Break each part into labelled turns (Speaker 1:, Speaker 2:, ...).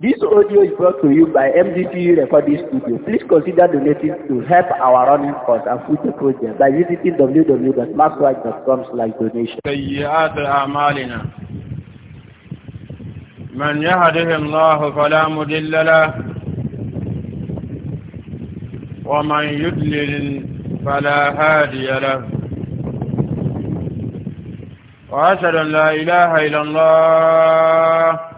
Speaker 1: This audio is brought to you by MDPU Recording Studio. Please consider donating to help our running costs and future projects by visiting www.maxwhite.com slash donation. سيئات أعمالنا من يهده الله فلا مضل له ومن يضلل فلا هادي له وأشهد أن لا إله إلا الله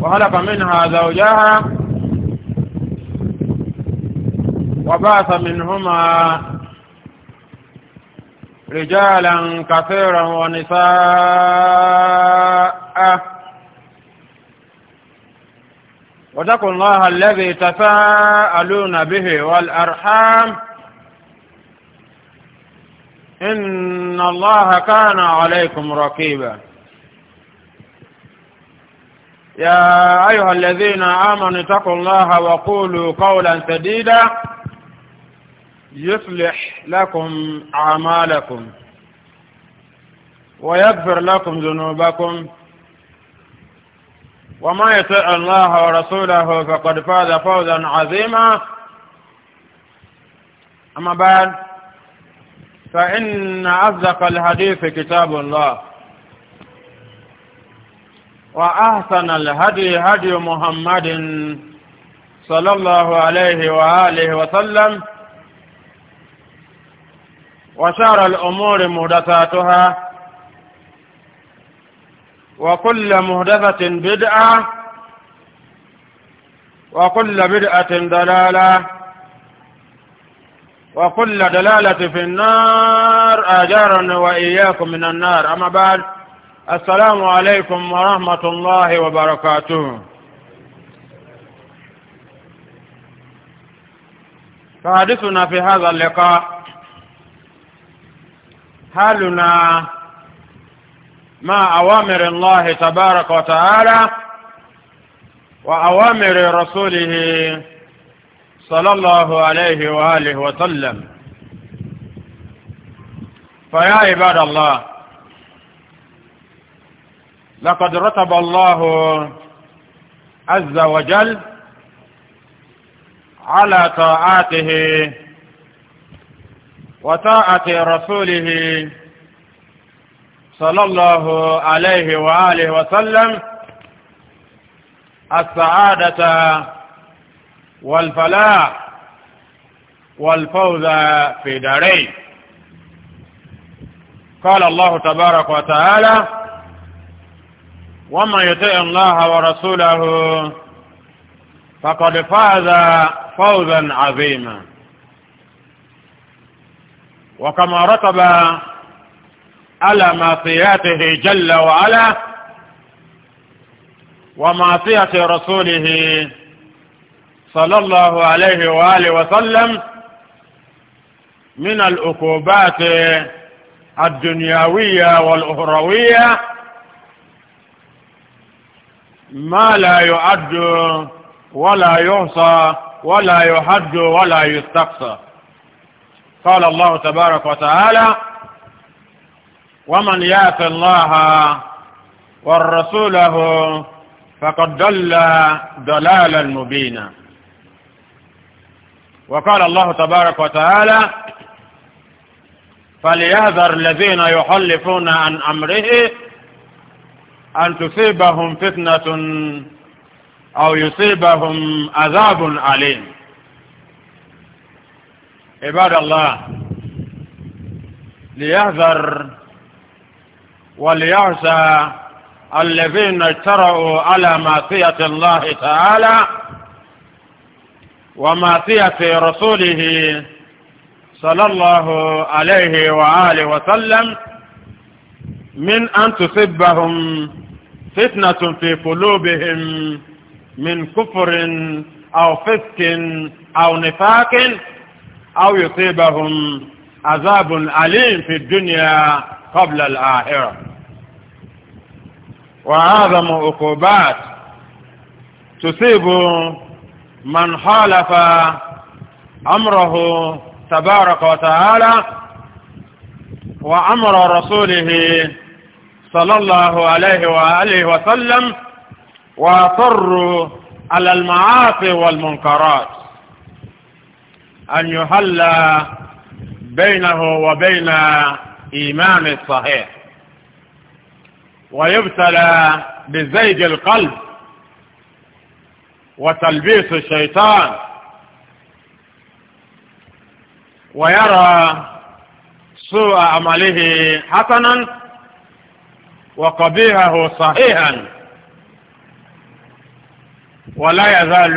Speaker 1: وخلق منها زوجها وبعث منهما رجالا كثيرا ونساء واتقوا الله الذي تساءلون به والأرحام إن الله كان عليكم رقيباً يا أيها الذين آمنوا اتقوا الله وقولوا قولا سديدا يصلح لكم أعمالكم ويغفر لكم ذنوبكم وما يطع الله ورسوله فقد فاز فوزا عظيما أما بعد فإن أصدق الحديث كتاب الله وأحسن الهدي هدي محمد صلى الله عليه وآله وسلم وشار الأمور مهدثاتها وكل مهدثة بدعة وكل بدعة دلالة وكل دلالة في النار أجارا وإياكم من النار أما بعد السلام عليكم ورحمة الله وبركاته فحدثنا في هذا اللقاء حالنا مع أوامر الله تبارك وتعالى وأوامر رسوله صلى الله عليه وآله وسلم فيا عباد الله لقد رتب الله عز وجل على طاعته وطاعة رسوله صلى الله عليه وآله وسلم السعادة والفلاح والفوز في دارين قال الله تبارك وتعالى ومن يطع الله ورسوله فقد فاز فوزا عظيما وكما رتب على معصياته جل وعلا ومعصية رسوله صلى الله عليه وآله وسلم من الأكوبات الدنيوية والأخروية ما لا يعد ولا يحصى ولا يحد ولا يستقصى قال الله تبارك وتعالى ومن يات الله والرسوله فقد دل ضلالا مبينا وقال الله تبارك وتعالى فليهذر الذين يحلفون عن أمره أن تصيبهم فتنة أو يصيبهم عذاب عليم عباد الله ليحذر وليعسى الذين اجترؤوا على معصية الله تعالى ومعصية رسوله صلى الله عليه وآله وسلم من أن تصبهم فتنة في قلوبهم من كفر أو فسق أو نفاق أو يصيبهم عذاب أليم في الدنيا قبل الآخرة وأعظم عقوبات تصيب من خالف أمره تبارك وتعالى وأمر رسوله صلى الله عليه وآله وسلم وأصروا على المعاصي والمنكرات أن يحل بينه وبين إيمان الصحيح ويبتلى بزيج القلب وتلبيس الشيطان ويرى سوء عمله حسنا وقبيحه صحيحا ولا يزال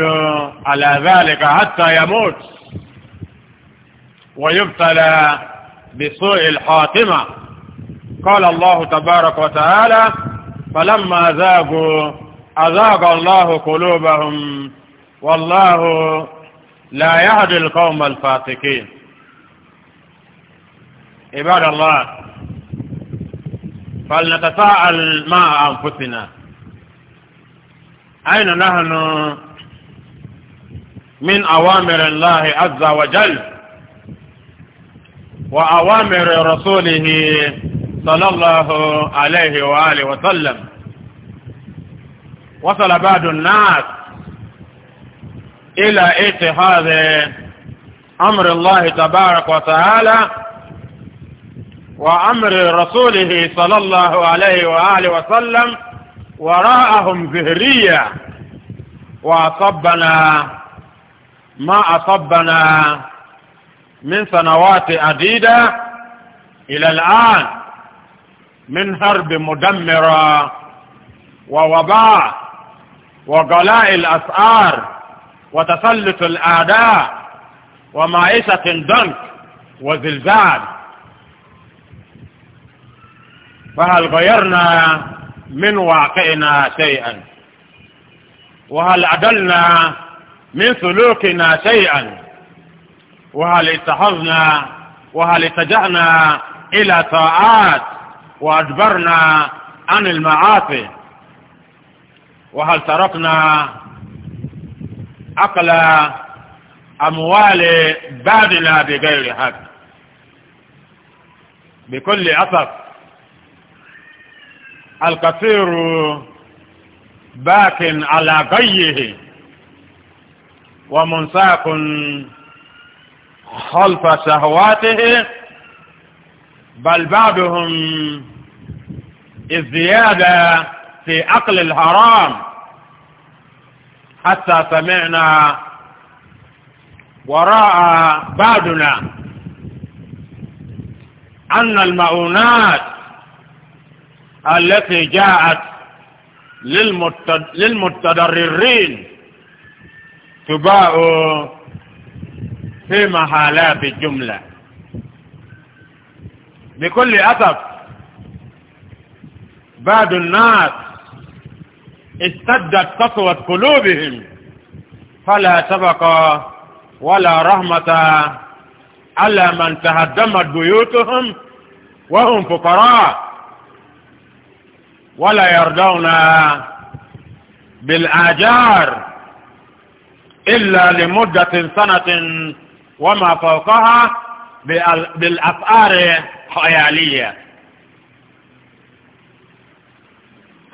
Speaker 1: على ذلك حتى يموت ويبتلى بسوء الحاتمة قال الله تبارك وتعالى فلما ذاقوا أذاق الله قلوبهم والله لا يهدي القوم الفاسقين عباد الله فلنتساءل مع أنفسنا أين نحن من أوامر الله عز وجل وأوامر رسوله صلى الله عليه وآله وسلم وصل بعض الناس إلى اتخاذ أمر الله تبارك وتعالى وأمر رسوله صلى الله عليه وآله وسلم وراءهم زهرية وأصبنا ما أصبنا من سنوات عديدة إلى الآن من حرب مدمرة ووباء وغلاء الأسعار وتسلط الأعداء ومعيشة ضنك وزلزال فهل غيرنا من واقعنا شيئا وهل عدلنا من سلوكنا شيئا وهل اتخذنا وهل اتجهنا إلى طاعات وأجبرنا عن المعاصي وهل تركنا عقل أموال بعدنا بغير حق بكل أسف الكثير باق على غيه ومنساق خلف شهواته بل بعضهم الزيادة في أقل الحرام حتى سمعنا وراء بعضنا أن المؤونات التي جاءت للمتضررين تباع في محالات الجملة بكل أسف بعض الناس استدت قسوة قلوبهم فلا سبق ولا رحمة على من تهدمت بيوتهم وهم فقراء ولا يرضون بالآجار إلا لمدة سنة وما فوقها بالأسعار خيالية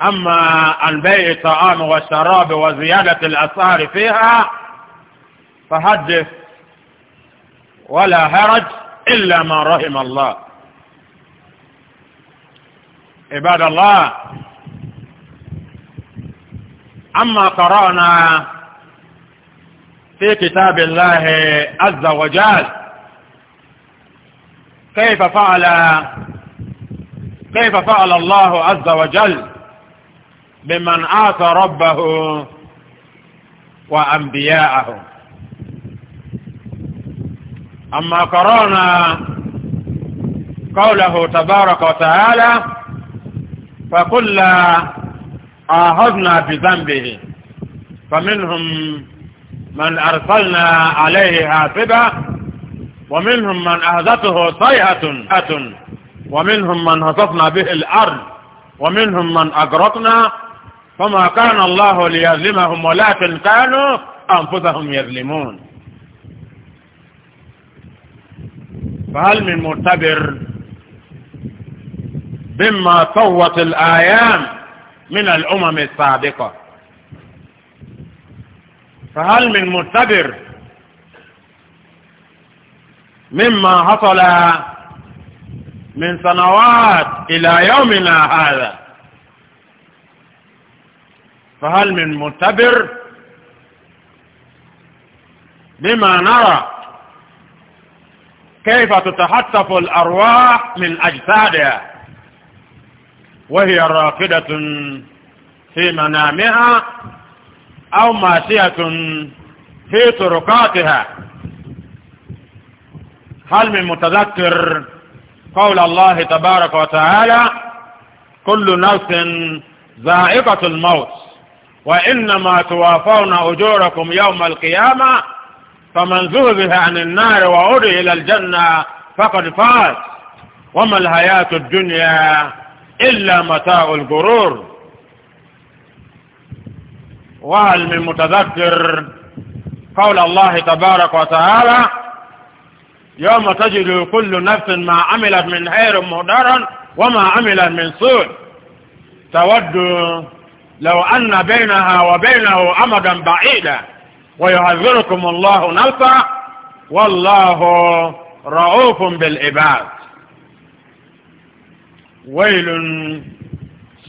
Speaker 1: أما عن بيع الطعام والشراب وزيادة الأسعار فيها فحدث ولا هرج إلا ما رحم الله عباد الله أما قرأنا في كتاب الله عز وجل كيف فعل كيف فعل الله عز وجل بمن آتى ربه وأنبياءه أما قرأنا قوله تبارك وتعالى لا أخذنا بذنبه فمنهم من أرسلنا عليه حاسبا ومنهم من أهدته صيحة ومنهم من هصفنا به الأرض ومنهم من أقرطنا فما كان الله ليظلمهم ولكن كانوا أنفسهم يظلمون فهل من مرتبر مما طوت الآيام من الأمم السابقة فهل من مستبر مما حصل من سنوات إلى يومنا هذا فهل من مستبر بما نرى كيف تتحتف الأرواح من أجسادها وهي راقدة في منامها أو ماشية في طرقاتها هل من متذكر قول الله تبارك وتعالى كل نفس ذائقة الموت وإنما توافون أجوركم يوم القيامة فمن زهزه عن النار وعود إلى الجنة فقد فاز وما الحياة الدنيا إلا متاع الغرور وهل من متذكر قول الله تبارك وتعالى يوم تجد كل نفس ما عملت من خير مهدرا وما عملت من سوء تود لو أن بينها وبينه أمدا بعيدا ويعذركم الله نفسه والله رؤوف بالعباد ويل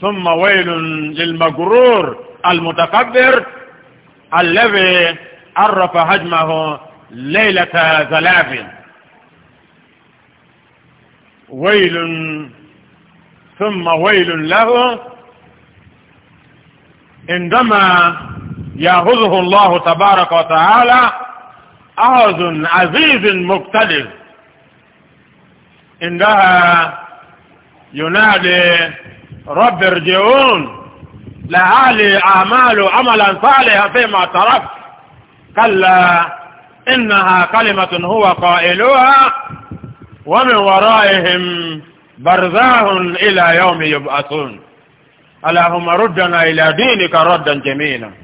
Speaker 1: ثم ويل للمغرور المتكبر الذي عرف هجمه ليلة زلاف ويل ثم ويل له عندما يأخذه الله تبارك وتعالى أخذ عزيز مقتدر عندها ينادي رب ارجعون لعلي أعمال عملا صالحا فيما ترك كلا إنها كلمة هو قائلها ومن ورائهم برزاه إلى يوم يبعثون اللهم ردنا إلى دينك ردا جميلا